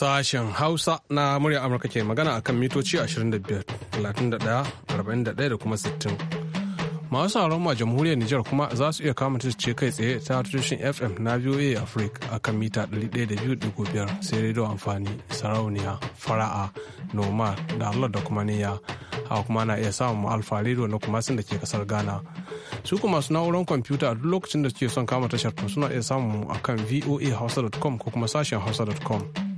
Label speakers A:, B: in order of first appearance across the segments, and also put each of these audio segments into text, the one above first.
A: Sashen Hausa na murya Amurka ke magana akan mitoci 25, 31, da kuma 60. Masu sauran ma jamhuriyar Nijar kuma za su iya kama ce kai tsaye ta tushen FM na VOA Africa akan mita 102.5 sai rediyo amfani sarauniya fara'a noma da Allah da kuma niyya haka kuma na iya samun alfa rediyo na kuma sun da ke kasar Ghana. su kuma su na'urar kwamfuta a duk lokacin da suke son kama tashar to suna iya samun samu akan voahausa.com ko kuma sashen hausa.com.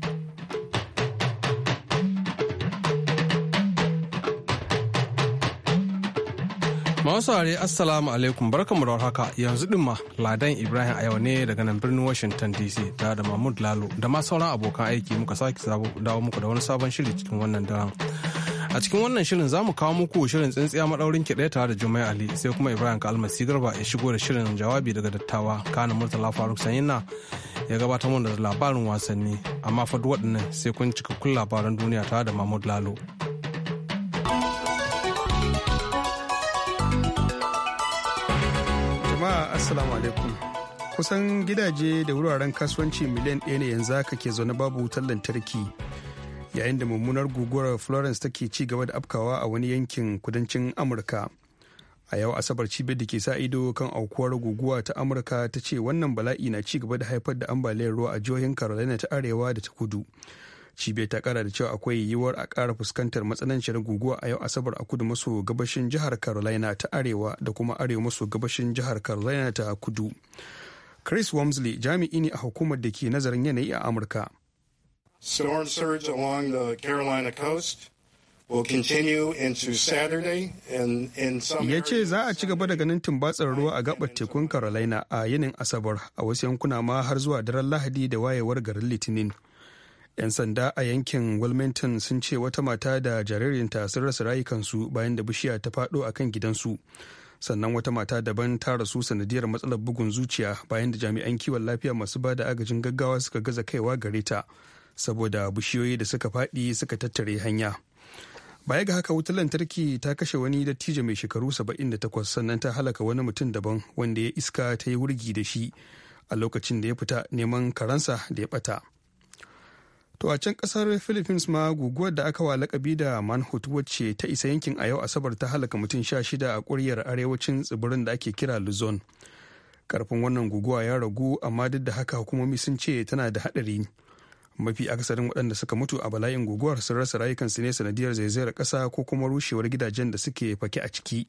A: Masu Assalamu alaikum mu da haka yanzu din ma Ladan Ibrahim a yau ne daga nan birnin Washington DC tare da Mahmud Lalo da ma sauran abokan aiki muka sake dawo muku da wani sabon shiri cikin wannan daren. A cikin wannan shirin za mu kawo muku shirin tsintsiya maɗaurin ki tare da Jummai Ali sai kuma Ibrahim Kalmasi Garba ya shigo da shirin jawabi daga dattawa Kana Murtala Faruk Sanyina ya gabatar mana da labarin wasanni amma fa waɗannan sai kun cika kun labaran duniya
B: tare da Mahmud Lalo. Assalamu alaikum. Kusan gidaje da wuraren kasuwanci miliyan ɗaya ne yanzu haka ke zaune babu wutar lantarki. Yayin da mummunar guguwar Florence take ci gaba da afkawa a wani yankin kudancin Amurka. A yau Asabar cibiyar da ke sa ido kan aukuwar guguwa ta Amurka ta ce wannan bala'i na ci gaba da haifar da ambaliyar ruwa a jihohin Carolina ta Arewa da ta Kudu. cibiyar ta kara da cewa akwai yiwuwar a kara fuskantar matsananciyar guguwa a yau asabar a kudu maso gabashin jihar carolina ta arewa da kuma arewa maso gabashin jihar carolina ta kudu chris wamsley jami'i ne a hukumar da ke nazarin yanayi a amurka
C: storm along the carolina coast
B: ya ce za a ci gaba da ganin tumbatsar ruwa a gabar tekun carolina a yinin asabar a wasu yankuna ma har zuwa daren lahadi da wayewar garin litinin 'yan sanda a yankin wilmington sun ce wata mata da jaririnta sun rasa rayukansu bayan da bishiya ta fado a kan gidansu sannan wata mata daban ta rasu sanadiyar matsalar bugun zuciya bayan da jami'an kiwon lafiya masu ba da agajin gaggawa suka gaza kaiwa gare ta saboda bishiyoyi da suka faɗi suka tattare hanya baya ga haka wutar lantarki ta kashe wani dattijo mai shekaru 78 sannan ta halaka wani mutum daban wanda ya iska ta yi wurgi da shi a lokacin da ya fita neman karansa da ya bata To a can kasar Philippines ma guguwar da aka wa lakabi da Manhut wacce ta isa yankin a yau Asabar ta halaka mutum sha shida a kuryar arewacin tsibirin da ake kira Luzon. Karfin wannan guguwa ya ragu amma duk da haka hukumomi sun ce tana da haɗari. Mafi akasarin waɗanda suka mutu a bala'in guguwar sun rasa rayukansu ne sanadiyar zaizayar ƙasa ko kuma rushewar gidajen da suke fake a ciki.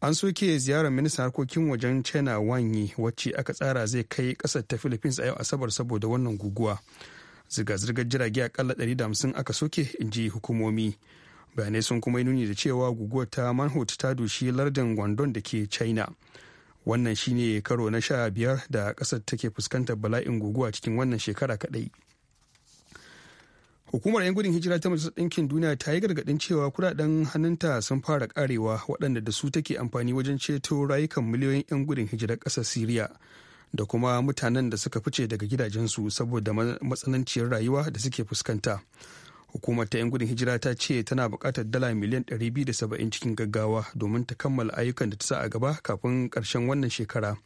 B: An soke ziyarar ministan harkokin wajen China Wang Yi wacce aka tsara zai kai ƙasar ta Philippines a yau Asabar saboda wannan guguwa. zirga-zirgar jirage akalla 150 aka soke in ji hukumomi bayanai sun kuma yi nuni da cewa guguwar ta manhut ta dushi lardin gwandon da ke china wannan shine karo na sha biyar da kasar take fuskantar bala'in guguwa cikin wannan shekara kadai hukumar 'yan gudun hijira ta majalisar ɗinkin duniya ta yi gargaɗin cewa kudaden hannunta sun fara karewa waɗanda da su take amfani wajen ceto rayukan miliyoyin 'yan gudun hijirar ƙasar siriya da kuma mutanen da suka fice daga gidajensu saboda matsananciyar rayuwa da suke fuskanta hukumar ta 'yan gudun hijira ta ce tana buƙatar dala miliyan 270 cikin gaggawa domin ta kammala ayyukan da ta sa a gaba kafin ƙarshen wannan shekara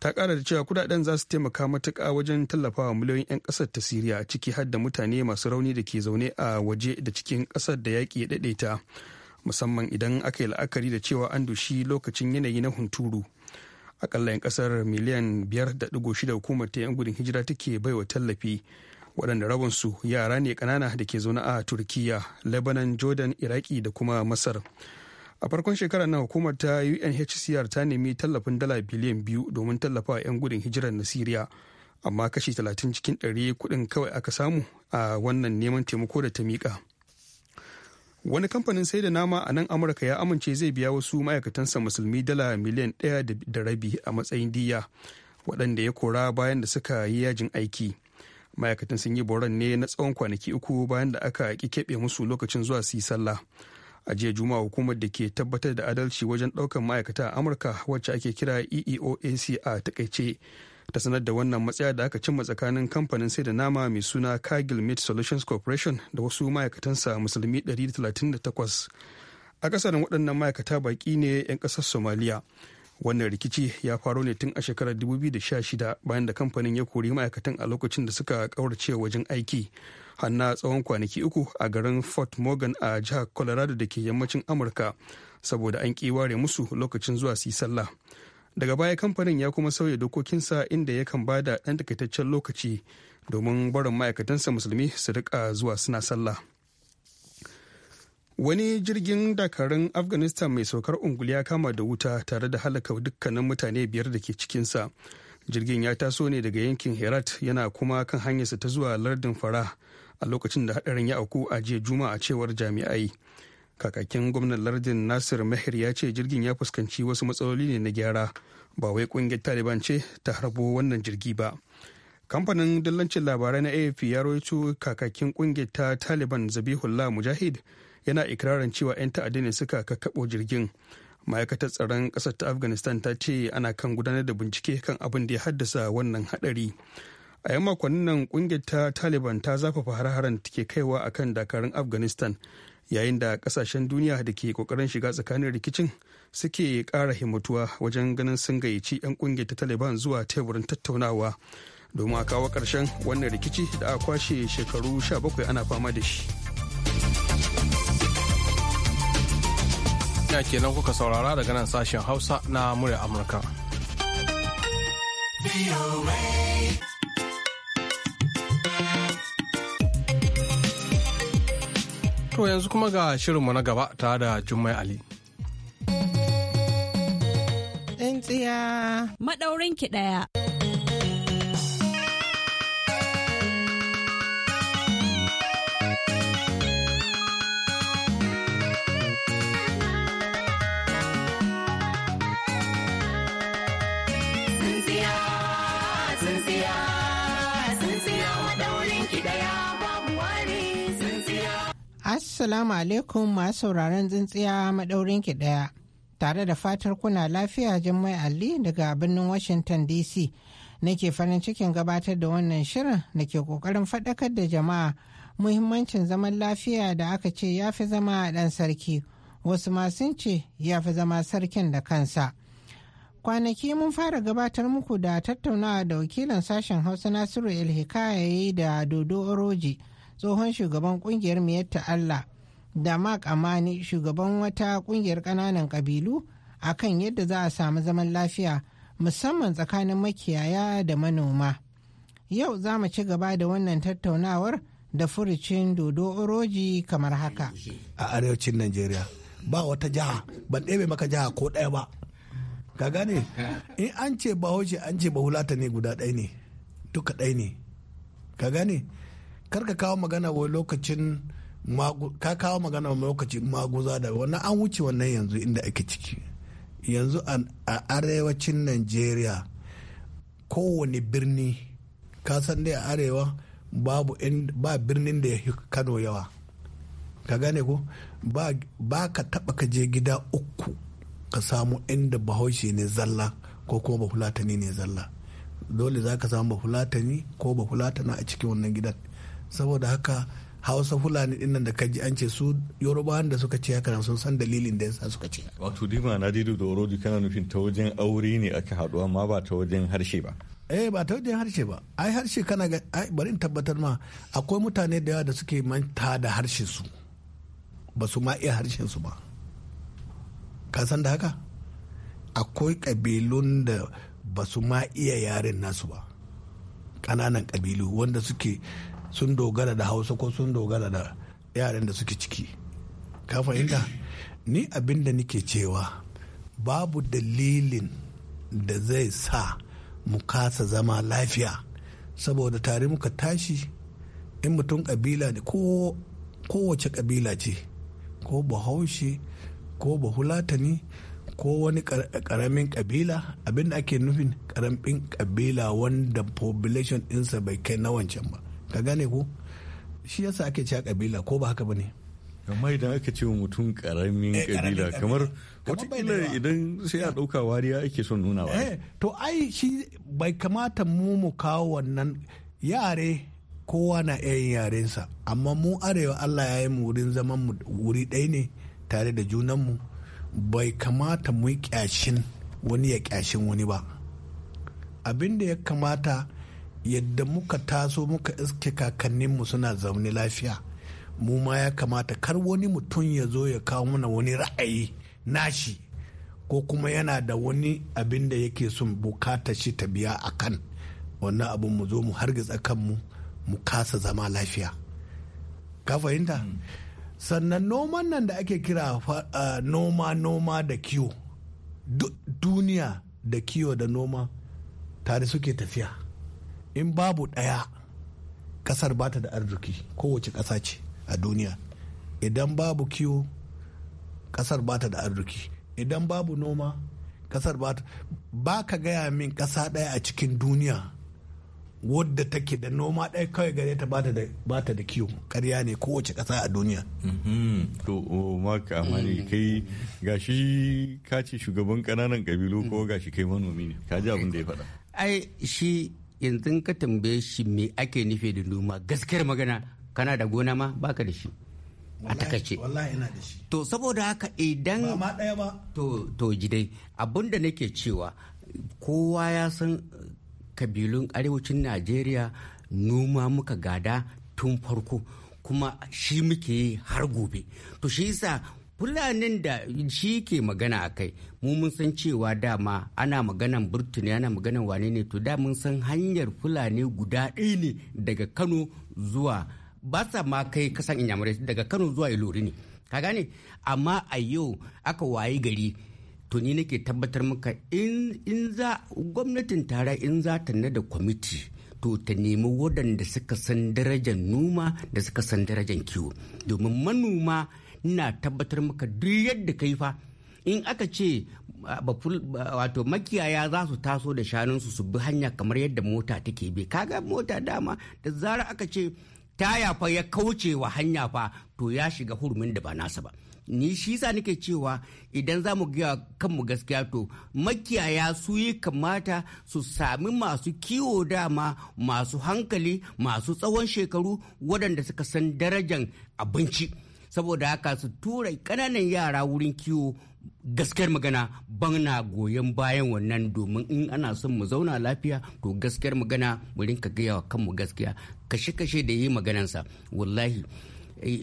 B: ta ƙara da cewa kudaden za su taimaka matuka wajen tallafawa miliyoyin 'yan ƙasar ta siriya ciki har da mutane masu rauni da ke zaune a waje da cikin ƙasar da yaƙi ya daɗe musamman idan aka yi la'akari da cewa an dushi lokacin yanayi na hunturu akalla 'yan kasar miliyan 5.6 hukumar ta 'yan gudun hijira take baiwa tallafi waɗanda rabinsu yara ne ƙanana da ke zaune a turkiya lebanon jordan iraki da kuma masar a farkon shekarar nan hukumar ta unhcr ta nemi tallafin dala biliyan biyu domin tallafa 'yan gudun hijirar na siriya amma kashi 30 cikin 100 kuɗin kawai aka samu a wannan neman taimako da ta miƙa. wani kamfanin sai da nama a nan amurka ya amince zai biya wasu ma'aikatansa musulmi dala miliyan ɗaya da rabi a matsayin diya waɗanda ya kora bayan da suka yi yajin aiki ma'aikatan sun yi boron ne na tsawon kwanaki uku bayan da aka ki keɓe musu lokacin zuwa su yi sallah a jiya juma'a hukumar da ke tabbatar da adalci wajen ɗaukar ma'aikata a amurka wacce ake kira eeoac a takaice ta sanar da wannan matsaya da aka cimma tsakanin kamfanin sai da nama mai suna cargill meat solutions corporation da wasu ma'aikatansa musulmi 138 a kasar waɗannan ma'aikata baƙi ne 'yan ƙasar somaliya wannan rikici ya faro ne tun a shekarar 2016 bayan da kamfanin ya kori ma'aikatan a lokacin da suka ƙaurace wajen aiki hanna tsawon kwanaki uku a garin fort morgan a jihar colorado da ke yammacin amurka saboda an ƙi ware musu lokacin zuwa su sallah daga baya kamfanin ya kuma sauya dokokinsa inda yakan ba da ɗan takaitaccen lokaci domin barin ma'aikatansa musulmi su rika zuwa suna sallah wani jirgin dakarun afghanistan mai saukar ungulu ya kama da wuta tare da halaka dukkanin mutane biyar da ke cikinsa jirgin ya taso ne daga yankin herat yana kuma kan hanyarsa ta zuwa lardin fara a lokacin da hadarin ya auku a jiya juma'a cewar jami'ai kakakin gwamnan lardin nasir mehir ya ce jirgin ya fuskanci wasu matsaloli ne na gyara ba wai kungiyar taliban ce ta harbo wannan jirgi ba kamfanin dillancin labarai na afp ya rawaito kakakin kungiyar ta taliban zabihullah mujahid yana ikirarin cewa 'yan ta'adda ne suka kakkaɓo jirgin ma'aikatar tsaron ƙasar ta afghanistan ta ce ana kan gudanar da bincike kan abin da ya haddasa wannan haɗari a yan makonnin nan kungiyar ta taliban ta zafafa har-haren ke kaiwa akan dakarun afghanistan yayin da kasashen duniya da ke kokarin shiga tsakanin rikicin suke kara himmatuwa wajen ganin sun gayyaci 'yan kungiyar ta taliban zuwa teburin tattaunawa domin a kawo karshen wannan rikici da a kwashe shekaru 17 ana fama da shi
A: ya kenan kuka saurara daga nan sashen hausa na murya amurka. To yanzu kuma ga shirinmu na gaba ta da Jummai Ali.
D: Tsintsiya. Maɗaurin ki ɗaya. Assalamu alaikum masu sauraron tsintsiya maɗaurin ki ɗaya. Tare da fatar kuna lafiya Jummai Ali daga birnin Washington DC. Nake farin cikin gabatar da wannan shirin nake ke ƙoƙarin faɗakar da jama'a muhimmancin zaman lafiya da aka ce ya fi zama ɗan sarki. Wasu ma sun ce ya fi zama sarkin da kansa. Kwanaki mun fara gabatar muku da tattaunawa da wakilin sashen Hausa Nasiru El da Dodo Oroji. tsohon shugaban kungiyar miyatta Allah da Mark Amani shugaban wata kungiyar ƙananan ƙabilu a kan yadda za a samu zaman lafiya musamman tsakanin makiyaya da manoma. Yau za mu ci gaba da wannan tattaunawar da furucin dodo oroji kamar haka.
E: A arewacin Najeriya ba wata jiha ban ɗebe maka jiha ko ɗaya ba. Ka gane? In an ce bahaushe an ce bahulata ne guda ɗaya ne duka ɗaya ne. Ka gane? karka kawo magana wai lokacin ka kawo magana lokacin maguza da wannan an wuce wannan yanzu inda ake ciki yanzu a arewacin najeriya kowane birni ka san dai a arewa ba birnin da ya fi kano yawa ka gane ko ba ka taba ka je gida uku ka samu inda bahaushe ne zalla ko kuma bafulatani ne zalla dole za ka samu bahulatani ko bahulatana a cikin wannan gidan saboda haka hausa fulani dinnan da kaji an ce su yorubawan da suka ce haka sun san dalilin da yasa suka ce
C: wato dima na dido da orodi kana nufin ta wajen aure ne aka haɗu amma ba ta wajen harshe ba
E: eh ba ta wajen harshe ba ai harshe kana ga ai bari in tabbatar ma akwai mutane da yawa da suke manta da harshen su ba su ma iya harshen su ba ka san da haka akwai kabilun da ba su ma iya yaren nasu ba ƙananan kabilu wanda suke sun dogara da hausa ko sun dogara da yaran da suke ciki ka fahimta ni abin da nike cewa babu dalilin da zai sa mu kasa zama lafiya saboda tare muka tashi in mutum kabila ne kowace kabila ce ko bahaushe ko bahulatani ko wani karamin kabila abinda ake nufin karamin kabila wanda population ɗinsa bai kai na wancan ba ka gane ko shi yasa ake cewa kabila ko ba haka ba ne
C: amma idan aka ce mutum karamin kabila eh, kamar wata idan sai a ɗauka wariya ake son nuna wa eh,
E: to ai shi bai kamata mu mu kawo wannan yare kowa na iya yin yarensa amma mu arewa allah ya yi mu wurin zaman mu wuri ɗaya ne tare da junan mu. bai kamata mu yi kyashin wani ya kyashin wani ba abin da ya kamata yadda muka taso muka iske kakanninmu suna zaune lafiya mu ma ya kamata kar wani mutum ya zo ya kawo mana wani ra'ayi nashi ko kuma yana da wani abin da yake son bukata shi ta biya a kan wannan abin mu zo mu hargitsa kanmu mu kasa zama lafiya ka fahimta hmm. sannan noman nan da ake kira noma noma da kiwo duniya da kiwo da noma tare suke tafiya in babu ɗaya ƙasar ba ta da arziki kowace ƙasa ce a duniya idan babu kiwo ƙasar ba ta da arziki idan babu noma ƙasar ba ta ba ka gaya min ƙasa ɗaya a cikin duniya wadda take da noma ɗaya kawai gare ta ba ta da kiwo karya ne kowace ƙasa a duniya.
C: Mm-hmm. to maka amani mm. kai gashi ka ce shugaban ƙananan ƙabilu ko gashi kai manomi ne ka ji abin da ya faɗa.
F: ai shi yanzu ka tambaye shi me ake nufi da noma gaskiyar magana kana da gona ma baka da shi a takaice wallahi ina da shi to saboda haka idan ba ma daya to to gidai abinda nake cewa kowa ya san kabilun arewacin Najeriya noma muka gada tun farko kuma shi muke yi har gobe to shi yasa fulanin da shi ke magana a kai mu mun san cewa dama ana maganan burtuni ana maganan wane ne to da mun san hanyar fulani guda ɗaya ne daga kano zuwa ba sa ma kai kasan inyamurai daga kano zuwa ilori ne ka gane amma a yau aka wayi gari to ni nake tabbatar maka in za gwamnatin tara in za ta da kwamiti to ta nemi waɗanda suka san darajar noma da suka san darajar kiwo domin manoma ina tabbatar maka duk yadda kai fa in aka ce wato makiyaya za su taso da shanunsu su bi hanya kamar yadda mota take bi kaga mota dama da zara aka ce taya fa ya kauce wa hanya fa to ya shiga hurumin da ba nasa ba ni shi sa nake cewa idan za mu gaya kanmu gaskiya to makiyaya su yi kamata su sami masu kiwo dama masu hankali masu tsawon shekaru waɗanda suka san darajan abinci saboda haka su tura kananan yara wurin kiwo gaskiyar magana bana goyon bayan wannan domin in ana son mu zauna lafiya to gaskiyar magana mu ka gaya wa kanmu gaskiya kashe-kashe da yi maganansa wallahi eh,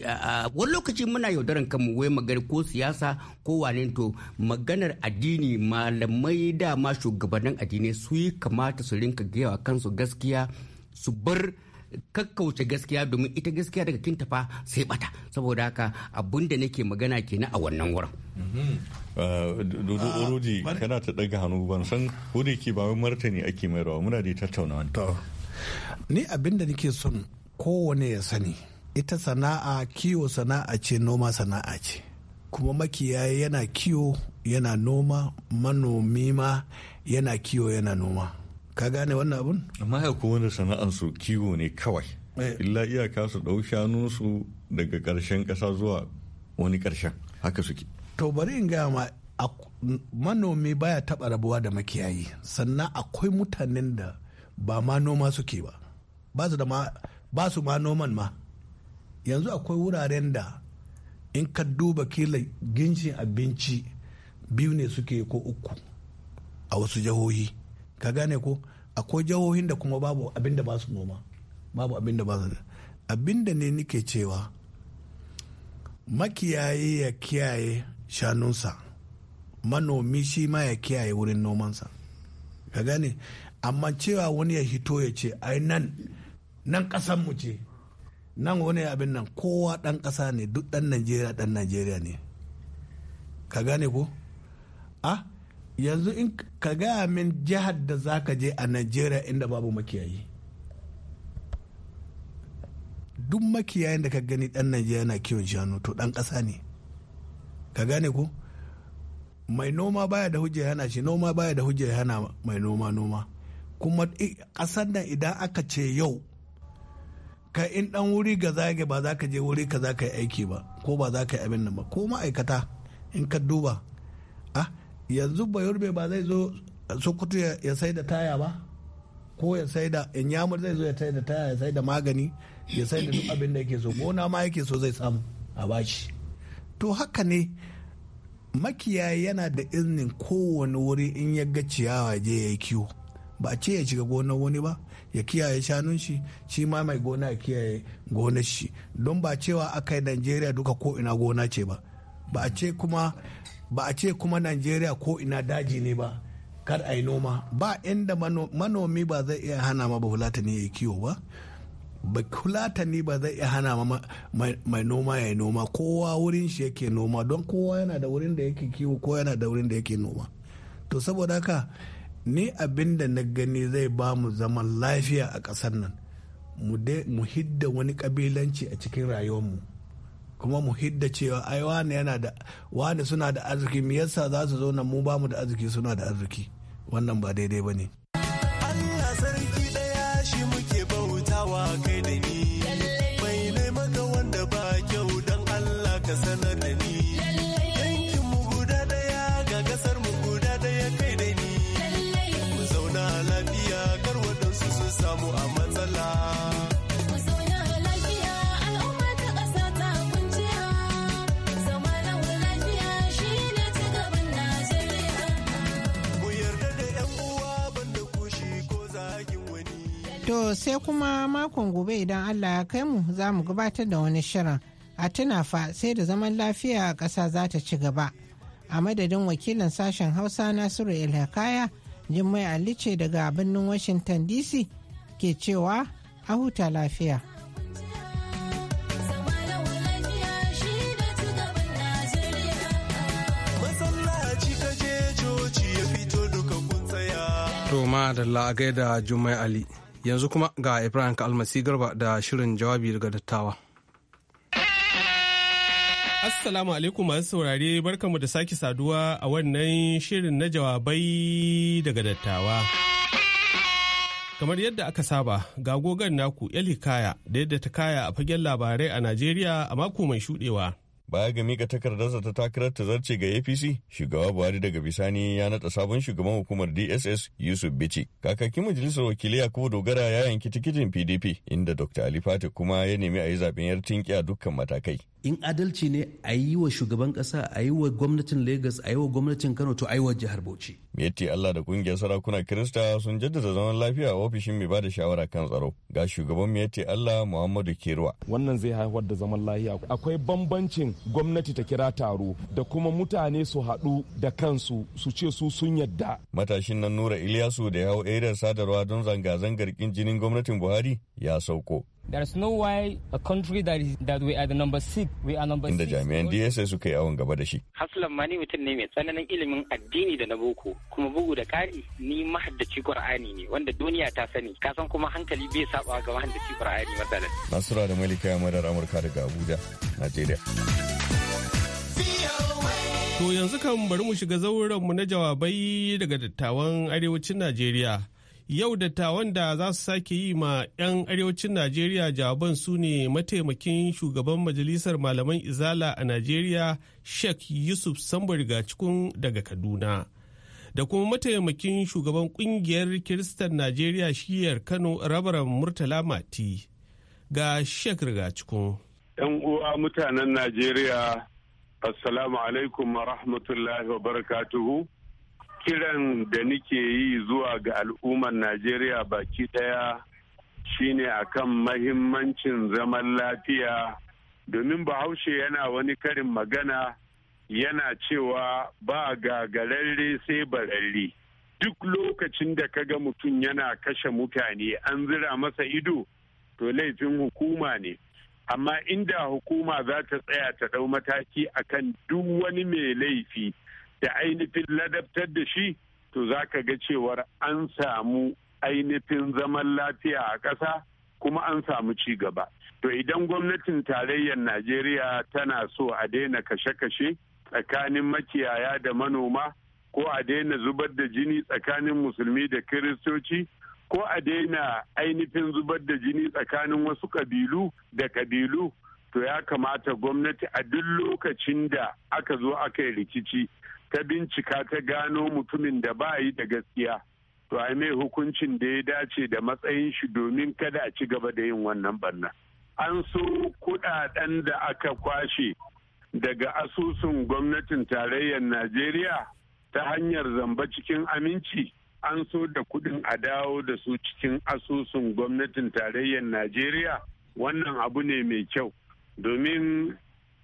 F: wani lokaci muna yaudaran kanmu wai magana ko siyasa ko wane to maganar addini malamai dama shugabannin addinai su yi kamata su rinka gaya wa kansu gaskiya su bar kakkauce gaskiya domin ita gaskiya daga kinta fa sai bata saboda haka abun da nake magana kenan a wannan wurin
D: mm-hmm.
C: uh, dodo orodi ah, kana ta daga hannu ban san wuri ke ba martani ake mai rawa muna da tattaunawa
E: ni abin da nake son kowane ya sani ita sana'a kiwo sana'a ce noma sana'a ce kuma makiyayi yana kiwo yana noma manomi ma yana kiwo yana noma ka gane wannan abun
C: amma ya kuma da kiwo ne kawai eh. illa iyaka su ɗau shanunsu daga ƙarshen ƙasa zuwa wani ƙarshen haka suke
E: to bari in gaya ma manomi baya taɓa rabuwa da makiyayi sannan akwai mutanen da ba ma noma suke ba ba su da ma ba su ma noman ma yanzu akwai wuraren da in ka duba kila ginshin abinci biyu ne suke ko uku a wasu jihohi ka gane ko akwai jihohin da kuma babu abin da ba su noma babu abin da ba su abin da ne nike cewa makiyayi ya kiyaye shanunsa manomi shi ma ya kiyaye wurin nomansa ka gane amma cewa wani ya hito ya ce ai nan nan mu ce nan wani abin nan kowa dan ƙasa ne duk dan najeriya dan najeriya ne ka gane ko a ah, yanzu in ka gaya min jihar da za ka je a najeriya inda babu makiyayi duk makiyayin da ka gani dan najeriya na kiwon shanu to dan kasa ne ka gane ko mai noma baya da hujja hana shi noma baya da hujja hana mai noma noma kuma kasar nan idan aka ce yau ka in dan wuri ga zage ba za ka je wuri ka za ka yi aiki ba ko ba za ka yi abin nan ba ko ma'aikata in ka duba yanzu bayorbe ba zai zo sokoto ya sai da taya ba ko ya sai da inyamur zai zo ya sai da taya ya sai da magani ya sai da duk abin da yake so gona ma yake so zai samu a bashi to haka ne makiyayi yana da iznin kowane wuri in ya ga ciyawa je ya yi kiwo ba ce ya shiga gonar wani ba ya kiyaye shanun shi shi ma mai gona ya kiyaye gonar shi don ba cewa aka yi najeriya duka ko ina gona ce ba ba a ce kuma ba a ce kuma najeriya ko ina daji ne ba kar a yi noma ba inda manomi ba zai iya hana ma ne ya kiwo ba hulatani ba zai iya hana ma mai noma ya yi noma kowa wurin shi yake noma don kowa yana da wurin da yake kiwo ko yana da wurin da yake noma to saboda haka ni abin da na gani zai ba mu zaman lafiya a ƙasar nan mu hidda wani ƙabilanci a cikin rayuwar mu kuma mu hidda cewa ai wane yana da wane suna da arziki me yasa za su zo nan mu bamu da arziki suna da arziki wannan ba daidai ba ne
G: Allah sarki daya shi muke
E: bautawa kai da ni bai maka wanda ba kyau dan Allah ka sanar da ni
D: sai kuma makon gobe idan Allah ya kai mu za mu gabatar da wani shirin. A tuna fa sai da zaman lafiya a ƙasa za ta ci gaba. A madadin wakilin sashen Hausa Nasiru Ilhakaya, Jummai Ali ce daga birnin Washington DC ke cewa a huta lafiya.
A: To ma da la'agai da Jummai Ali. yanzu kuma ga ibrahim kalmasi garba da shirin jawabi daga dattawa
G: assalamu alaikum masu saurare barkanmu da sake saduwa a wannan shirin na jawabai daga dattawa kamar yadda aka saba ga gogon naku hikaya da yadda ta kaya a fagen labarai a najeriya a mako mai shudewa
C: baya ga mika takardarsa ta takarar ta zarce ga apc shugaba buhari daga bisani ya nata sabon shugaban hukumar dss yusuf bichi kakakin majalisar wakilai yakubu dogara ya yanki tikitin pdp inda dr ali fati kuma ya nemi a yi zaben yar tinkiya dukkan matakai
B: in adalci ne a yi wa shugaban kasa a yi wa gwamnatin lagos a yi wa gwamnatin kano to a yi wa jihar bauchi
C: meti allah da kungiyar sarakunan kirista sun jaddada zaman lafiya a ofishin mai bada shawara kan tsaro ga shugaban meti allah muhammadu kirwa.
H: wannan zai haifar da zaman lafiya akwai bambancin gwamnati ta kira taro da kuma mutane su haɗu da kansu su ce su sun
C: yadda matashin nan nura iliyasu da ya hau eriyar sadarwa don zanga-zangar kin jinin gwamnatin buhari ya sauko Inda jami'an DSA suka yi awon gaba da shi.
F: haslam ma mutum ne mai tsananin ilimin addini da na boko kuma bugu da ƙari ni mahaddaci Qur'ani ne wanda duniya ta sani kasan kuma hankali bai saba ga mahaddaci Qur'ani masalan.
C: Nasura da Malika ya Amurka daga Abuja, Najeriya. To yanzu kan bari mu shiga zauren mu na jawabai
G: daga dattawan arewacin Najeriya. yau da dattawan da za su sake yi ma 'yan arewacin najeriya jawaban su ne mataimakin shugaban majalisar malaman izala a najeriya sheikh yusuf sambo rigacikun daga kaduna da kuma mataimakin shugaban kungiyar kiristan najeriya shiyar kano rabaran murtala mati ga sheikh rigacikun
I: yan uwa mutanen najeriya assalamu alaikum wa rahmatullahi wa barakatuhu kiran da nike yi zuwa ga al'ummar najeriya baki daya shine akan mahimmancin zaman lafiya domin bahaushe yana wani karin magana yana cewa ba gagararre sai bararre duk lokacin da kaga mutum yana kashe mutane an zira masa ido to laifin hukuma ne amma inda hukuma za ta tsaya ta ɗau mataki akan duk wani mai laifi da ainihin ladabtar da shi to za ka ga cewar an samu ainihin zaman lafiya a ƙasa kuma an samu ci gaba. To idan gwamnatin tarayyar Najeriya tana so a daina kashe-kashe tsakanin makiyaya da manoma ko a daina zubar da jini tsakanin musulmi da kiristoci ko a daina ainihin zubar da jini tsakanin wasu ƙabilu da ƙabilu to ya kamata gwamnati a duk lokacin da aka zo aka yi rikici ta bincika ta gano mutumin da ba yi da gaskiya to ai mai hukuncin da ya dace da matsayin shi domin kada a ci gaba da yin wannan banna an so kudaden da aka kwashe daga asusun gwamnatin tarayyar najeriya ta hanyar zamba cikin aminci an so da kudin a dawo da su cikin asusun gwamnatin tarayyar najeriya wannan abu ne mai kyau domin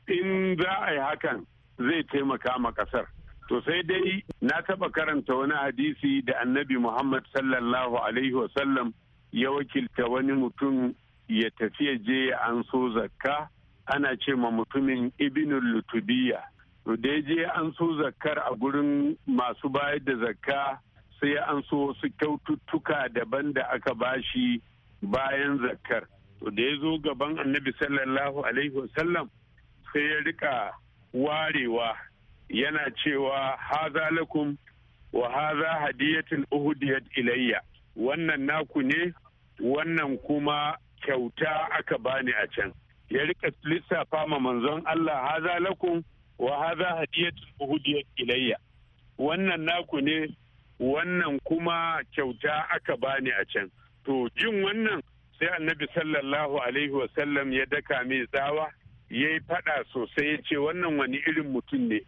I: in za a yi hakan zai taimaka ma kasar To sai dai na taɓa karanta wani hadisi da annabi Muhammad sallallahu Alaihi wasallam ya wakilta wani mutum ya tafi je an so zakka ana ce ma mutumin ibinul lutubiya. To dai je an so zakkar a gurin masu bayar da zakka sai an so wasu kyaututtuka daban da aka bashi bayan zakkar. To da ya zo gaban annabi sallallahu Alaihi wasallam sai ya riƙa warewa yana cewa haza lakum wa haza hadiyatin uhudiyat ilayya wannan naku ne wannan kuma kyauta aka bani a can ya rika lissafa ma manzon Allah haza lakum wa haza hadiyatun uhudiyat ilayya wannan naku ne wannan kuma kyauta aka bani a can to jin wannan sai annabi sallallahu alaihi wasallam ya daka mai tsawa ya yi faɗa sosai ya ce wannan wani irin mutum ne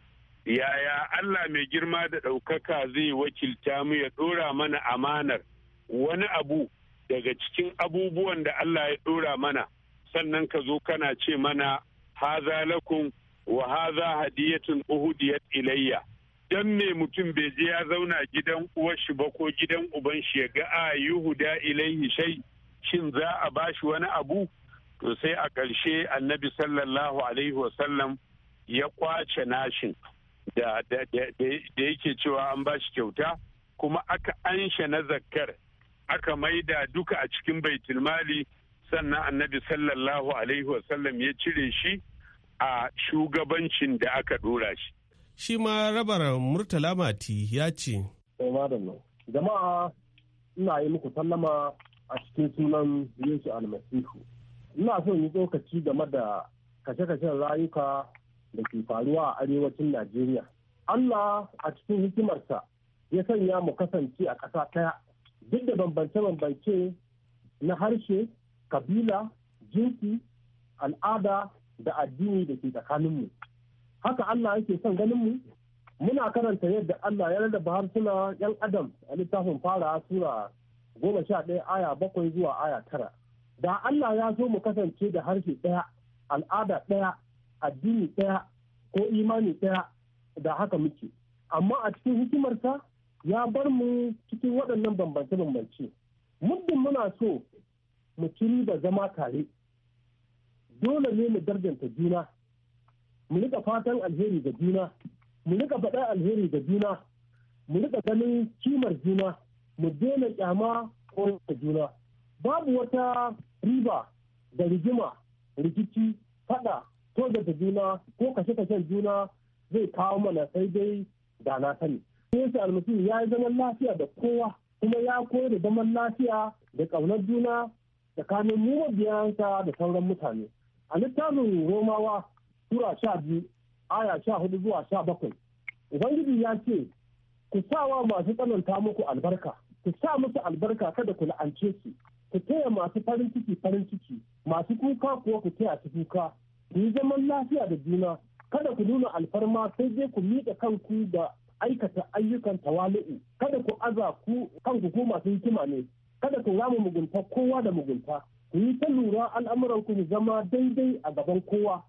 I: yaya Allah mai girma da ɗaukaka zai wakilta mu ya ɗora mana amanar wani abu daga cikin abubuwan da Allah ya ɗora mana sannan ka zo kana ce mana haza lakum wa haza hadiyatun uhudiyat ilayya dan me mutum bai je ya zauna gidan uwar shi ba ko gidan uban shi ya ga ayyuhu yuhuda ilayhi shai shin za a shi wani abu to sai a ƙarshe annabi sallallahu alaihi wasallam ya kwace nashin da yake cewa an ba shi kyauta kuma aka ansha na zakkar aka maida duka a cikin baitulmali sannan annabi sallallahu alaihi wasallam ya cire shi a shugabancin da aka dora shi.
G: Shi ma rabar Murtala Mati ya ce.
H: Eh, Jama'a ina yi muku sallama a cikin sunan Yesu almasihu. Ina son yi tsokaci game da kashe-kashen rayuka da ke faruwa a arewacin Najeriya. Allah a cikin hikimarsa ya sanya mu kasance a ƙasa ɗaya duk da bambance-bambance na harshe, kabila, jinsi, al'ada da addini da ke tsakaninmu. Haka Allah yake son ganinmu? Muna karanta yadda Allah ya rarraba harsuna 'yan Adam a littafin fara Sura goma sha ɗaya aya bakwai zuwa aya tara. Da Allah ya zo mu kasance da harshe ɗaya, al'ada ɗaya, addini ɗaya ko imani ɗaya da haka muke amma a cikin hikimarsa ya bar mu cikin waɗannan bambance-bambance muddin muna so mu ci da zama tare dole ne mu darjanta juna mu rika fatan alheri da juna mu rika faɗa alheri ga juna mu rika ganin kimar juna mu daina ƙyama ko da juna babu wata riba da rigima rikici faɗa ta juna ko kashe kashe juna zai kawo mana sai dai da na sani yesu almasihu ya yi zaman lafiya da kowa kuma ya koyar da zaman lafiya da ƙaunar juna tsakanin mu mabiyansa da sauran mutane a littafin romawa tura sha biyu aya sha hudu zuwa sha bakwai ubangiji ya ce ku sa wa masu tsananta muku albarka ku sa musu albarka kada ku la'ance su ku taya masu farin ciki farin ciki masu kuka kuwa ku taya su kuka ku yi zaman lafiya da juna kada ku nuna alfarma sai dai ku miƙa kanku da aikata ayyukan tawali'u kada ku aza ku kanku ko masu hikima ne kada ku rama mugunta kowa da mugunta ku yi ta lura al'amuran ku zama daidai a gaban kowa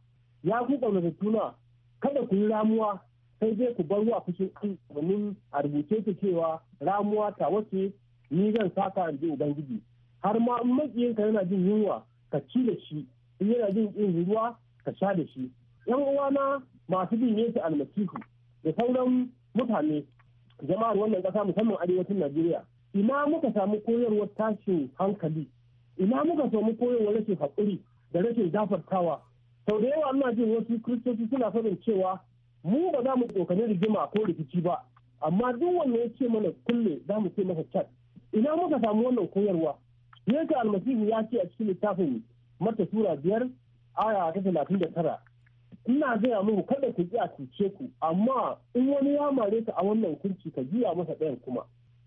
H: ya ku da juna kada ku yi ramuwa sai dai ku bar wa fushin an domin a rubuce ta cewa ramuwa ta wace ni zan saka in ji ubangiji har ma in makiyinka yana jin yunwa ka ci da shi in yana jin ƙin ruwa ka sha da shi yan uwa na masu bin yesu almasihu da sauran mutane jama'ar wannan ƙasa musamman arewacin najeriya ina muka samu koyarwar tashin hankali ina muka samu koyarwar rashin haƙuri da rashin gafartawa sau da yawa ina jin wasu kiristoci suna sanin cewa mu ba za mu tsokani rigima ko rikici ba amma duk wanne ya ce mana kulle za mu ce masa cat ina muka samu wannan koyarwa yesu almasihu ya ce a cikin littafin mata sura biyar aya ta talatin da tara ina gaya muku kada ku ji a cuce ku amma in wani ya mare ta a wannan kunci ka giya masa ɗayan kuma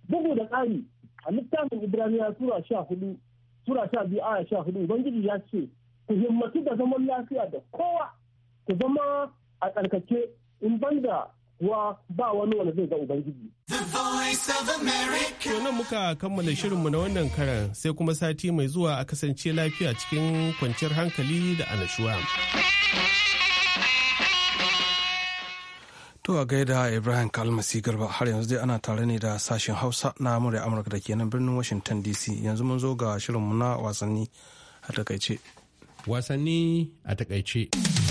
H: bugu da ƙari a littafin ibraniya sura sha hudu sura sha biyu aya sha hudu ubangiji ya ce ku himmatu da zaman lafiya da kowa ku zama a tsarkake in banda kuwa ba wani wanda zai ga Ubangiji.
G: To nan muka kammala shirinmu na wannan karan sai kuma sati mai zuwa a kasance lafiya cikin kwanciyar hankali da anashuwa. To a gaida Ibrahim Kalmasi Garba har yanzu dai ana tare
A: ne da sashen Hausa na murya Amurka da kenan birnin Washington DC yanzu mun zo ga shirinmu na wasanni a takaice. Wasanni a takaice.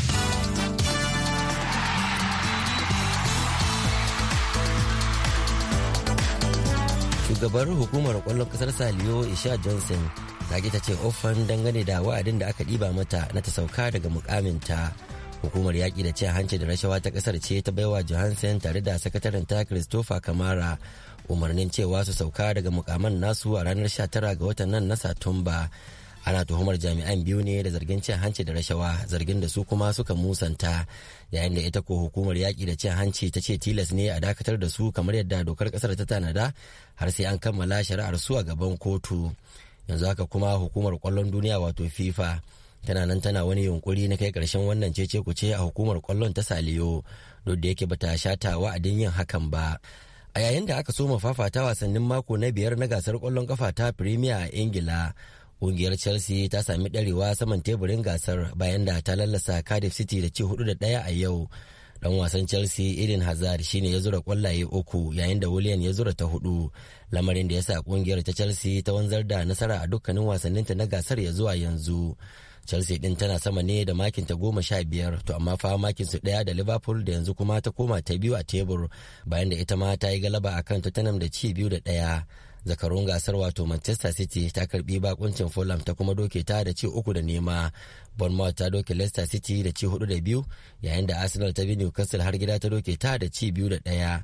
J: shugabar hukumar kwallon kasar saliyo isha johnson ta ta ce ofan dangane da wa'adin da aka ɗiba mata na ta sauka daga mukaminta hukumar yaƙi da cin hanci da rashawa ta ƙasar ce ta baiwa johansen tare da sakataren ta christopher kamara umarnin cewa su sauka daga mukaman nasu a ranar 19 ga watan nan na satumba ana tuhumar jami'an biyu ne da zargin cin hanci da rashawa zargin da su kuma suka musanta yayin da ita ko hukumar yaƙi da cin hanci ta ce tilas ne a dakatar da su kamar yadda dokar ƙasar ta tanada har sai an kammala shari'ar su a gaban kotu yanzu haka kuma hukumar ƙwallon duniya wato fifa tana nan tana wani yunkuri na kai ƙarshen wannan cece ce a hukumar ƙwallon ta saliyo duk da yake bata shata wa'adin yin hakan ba a yayin da aka soma fafata wasannin mako na biyar na gasar ƙwallon kafa ta premier a ingila Ƙungiyar Chelsea ta sami ɗarewa saman teburin gasar bayan da ta lallasa Cardiff City da ci hudu da ɗaya a yau. Dan wasan Chelsea Eden Hazard shine ya zura kwallaye uku yayin da Willian ya zura ta hudu. Lamarin da ya sa ƙungiyar ta Chelsea ta wanzar da nasara a dukkanin wasanninta na gasar ya zuwa yanzu. Chelsea din tana sama ne da makinta goma sha biyar to amma fa su ɗaya da Liverpool da yanzu kuma ta koma ta biyu a tebur bayan da ita ma ta yi galaba akan Tottenham da ci biyu da ɗaya. zakarun gasar wato manchester city ta karbi bakuncin fulham ta kuma doke ta da ci uku da nema bournemouth ta doke leicester city da ci hudu da biyu yayin da arsenal ta bi newcastle har gida ta doke ta da ci biyu da daya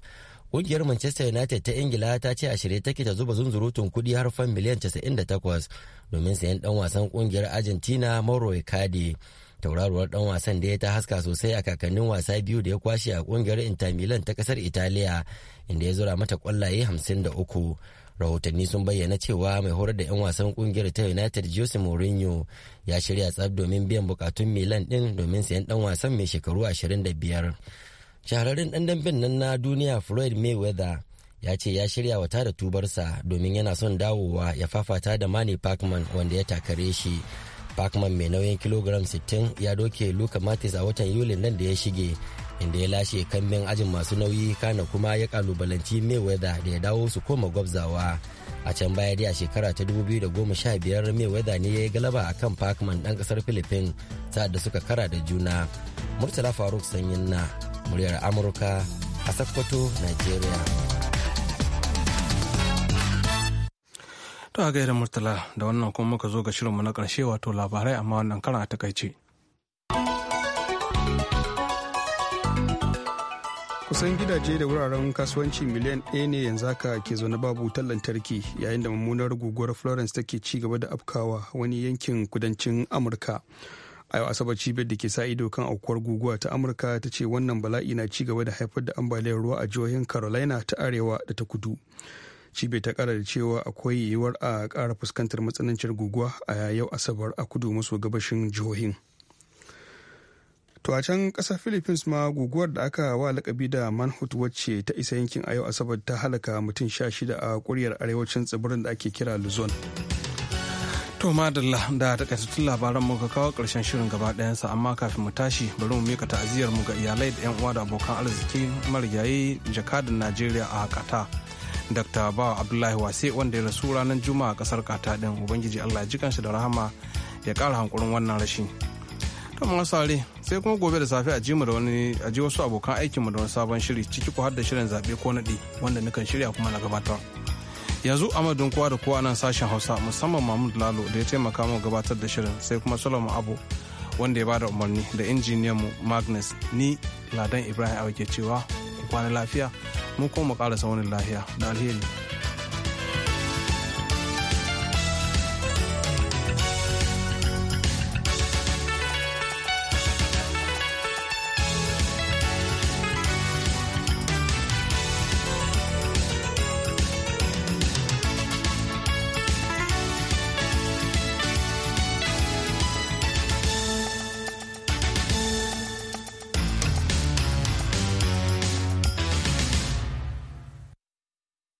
J: Ƙungiyar Manchester United ta Ingila ta ce a shirye take ta zuba zunzurutun kudi har fan miliyan 98 domin sayan dan wasan ƙungiyar Argentina Mauro Icardi. Tauraruwar dan wasan da ya ta haska sosai a kakannin wasa biyu da ya kwashe a kungiyar Inter Milan ta kasar Italiya inda ya zura mata kwallaye 53. rahotanni sun bayyana cewa mai horar da 'yan wasan kungiyar ta united jose mourinho ya shirya tsab domin biyan bukatun milan din domin sayan dan wasan mai shekaru 25 shahararren dan damben nan na duniya floyd mayweather ya ce ya shirya wa tada tubarsa domin yana son dawowa ya fafata da manny pacman wanda ya takare shi pacman mai nauyin kilogram 60 ya doke luka matis a watan yulin nan da ya shige inda ya lashe kambin ajin masu nauyi kana kuma ya kalubalanci mayweather da ya dawo su koma gwabzawa a can baya dai a shekara ta 2015 mayweather ne ya yi galaba a kan pacman dan kasar philippines sa da suka kara da juna murtala faruk sanyin na muryar amurka a sakkwato nigeria
A: to a gaida murtala da wannan kuma muka zo ga shirinmu
B: na karshe wato labarai amma wannan karan a takaice kusan gidaje da wuraren kasuwanci miliyan ɗaya ne yanzu haka ke zaune babu wutar lantarki yayin da mummunar guguwar florence take ci gaba da afkawa wani yankin kudancin amurka a yau asabar cibiyar da ke sa ido kan aukuwar guguwa ta amurka ta ce wannan bala'i na ci gaba da haifar da ambaliyar ruwa a jihohin carolina ta arewa da ta kudu cibiyar ta kara da cewa akwai yiwuwar a kara fuskantar matsanancin guguwa a yau asabar a kudu maso gabashin jihohin To a can Philippines ma guguwar da aka wa lakabi da Manhut wacce ta isa yankin a yau Asabar ta halaka mutum sha shida a kuryar arewacin tsibirin da ake kira Luzon. To madalla
A: da takaitattun labaran mu muka kawo karshen shirin gaba ɗayansa amma kafin mu tashi bari mu mika ta'aziyar mu ga iyalai da 'yan uwa da abokan arziki marigayi jakadan Najeriya a Kata. Dr. Bawa Abdullahi Wase wanda ya rasu ranar Juma'a kasar Kata din Ubangiji Allah ya ji da rahama ya ƙara hankurin wannan rashin. To masare sai kuma gobe da safe a ji mu da wani a ji wasu abokan aikinmu da wani sabon shiri ciki ko har da shirin zaɓe ko naɗi wanda nukan shirya kuma na gabatar. Yanzu amadun kowa da kowa nan sashen Hausa musamman Mahmud Lalo da ya taimaka mu gabatar da shirin sai kuma Solomon Abu wanda ya bada umarni da injiniyan mu Magnus ni Ladan Ibrahim Awa ke cewa ku kwana lafiya mu kuma mu ƙarasa wani lahiya da
E: alheri.